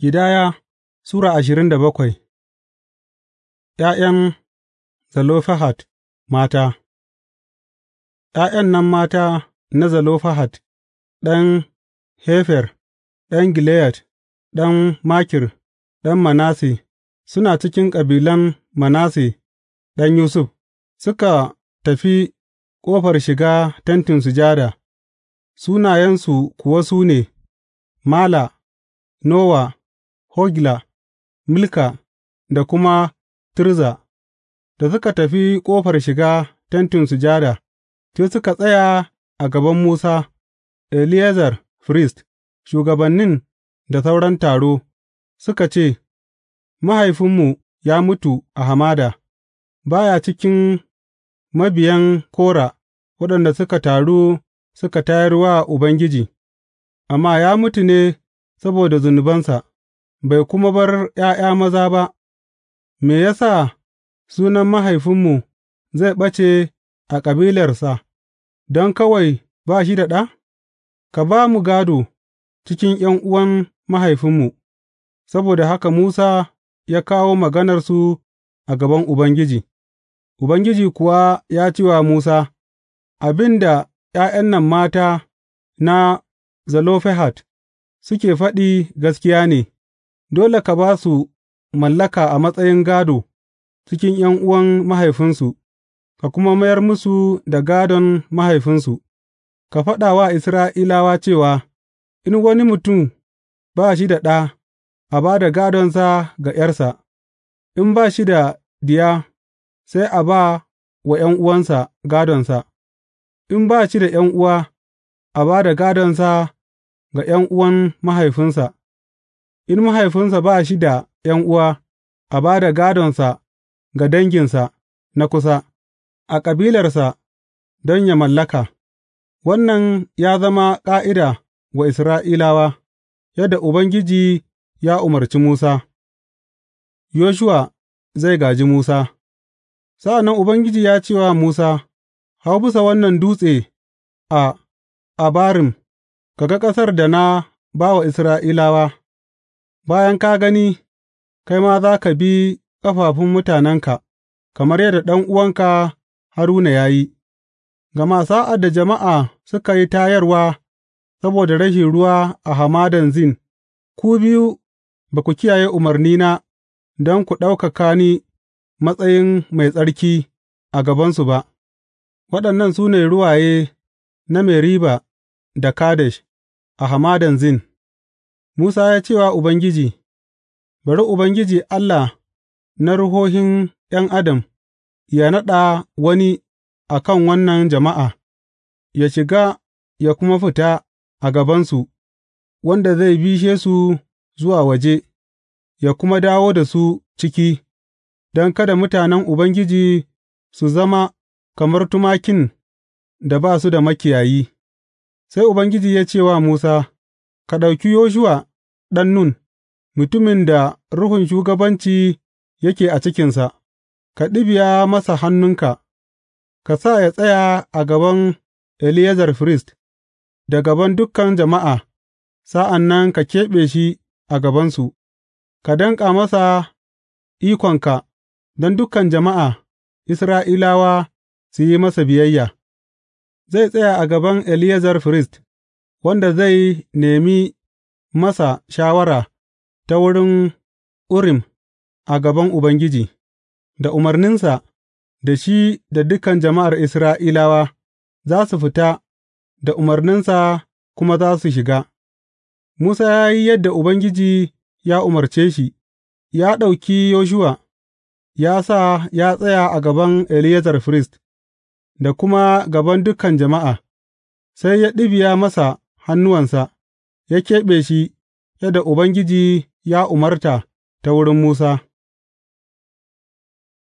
Ƙidaya Sura ashirin da bakwai ’Ya'yan zalofahat mata ’Ya'yan nan mata na zalofahat ɗan Hefer, ɗan gileyat, ɗan Makir, ɗan Manasse, suna cikin kabilan Manasse ɗan Yusuf, suka tafi ƙofar shiga Tentin Sujada, sunayensu kuwa su ne, Mala, Nowa. Hogla, Milka da kuma Tirza, da suka tafi ƙofar shiga Tentin Sujada, sai suka tsaya a gaban Musa, Eliezer, firist, shugabannin da sauran taro, suka ce, Mahaifinmu ya mutu a hamada, ba ya cikin mabiyan Kora waɗanda suka taru suka tayar wa Ubangiji, amma ya mutu ne saboda zunubansa. bai kuma bar ’ya'ya maza ba, me ya sa sunan mahaifinmu zai ɓace a kabilarsa don kawai ba shi da ɗa? Ka ba mu gado cikin ’yan'uwan mahaifinmu, saboda haka Musa ya kawo maganarsu a gaban Ubangiji, Ubangiji kuwa ya ce wa Musa, Abin da ’ya'yan nan mata na Zelofehad suke faɗi gaskiya ne. Dole ka ba su mallaka a matsayin gādo cikin ’yan'uwan mahaifinsu, ka kuma mayar musu da gādon mahaifinsu, ka faɗa wa Isra'ilawa cewa, In wani mutum ba shi da ɗa, a ba da gādonsa ga ’yarsa, in ba shi da diya, sai a ba wa ’yan'uwansa gādonsa, in ba shi da ’yan'uwa, a ba da gādonsa ga ’yan'uwan mahaifinsa. In mahaifinsa ba shi da ’yan'uwa, a ba da gādonsa ga danginsa na kusa, a kabilarsa don yă mallaka, wannan ya zama ƙa'ida wa Isra'ilawa, yadda Ubangiji ya umarci Musa, Yoshuwa zai gāji Musa Sa'an nan Ubangiji ya ce wa Musa, Hau bisa wannan dutse a Abarim, ka ga ƙasar da na ba wa Isra'ilawa. bayan ka gani, kai ma za ka bi ƙafafun mutanenka, kamar yadda ɗan'uwanka Haruna ya yi, gama sa'ad da jama'a suka yi tayarwa saboda rashin ruwa a hamadan Zin, ku biyu ba ku kiyaye umarnina don ku ɗaukaka ni matsayin mai tsarki a gabansu ba, waɗannan su ne ruwaye na Meriba da Kadesh a hamadan Zin. Musa ya ce wa Ubangiji, Bari Ubangiji Allah na ruhohin ’yan adam ya naɗa wani a kan wannan jama'a, ya shiga ya kuma fita a gabansu, wanda zai bishe su zuwa waje, ya kuma dawo da su ciki, don kada mutanen Ubangiji su zama kamar tumakin da ba su da makiyayi. Sai Ubangiji ya ce wa Musa, Ka ɗauki Yoshuwa ɗan Nun, mutumin da ruhun shugabanci yake a cikinsa, ka ɗibiya masa hannunka, ka sa ya tsaya a gaban Eleyazar firist, da gaban dukan jama'a, sa'an nan ka keɓe shi a gabansu, ka danƙa masa ikonka don dukan jama'a Isra'ilawa su yi masa biyayya, zai tsaya a gaban Eleyazar firist. wanda zai nemi masa shawara ta wurin Urim a gaban Ubangiji, da umarninsa, da shi da dukan jama'ar Isra'ilawa za su fita da umarninsa kuma za su shiga. Musa ya yi yadda Ubangiji ya umarce shi, ya ɗauki Yoshuwa, ya sa ya tsaya a gaban Eleazar firist, da kuma gaban dukan jama'a, sai ya ɗibiya masa hannuwansa, ya keɓe shi yadda Ubangiji ya umarta ta wurin Musa.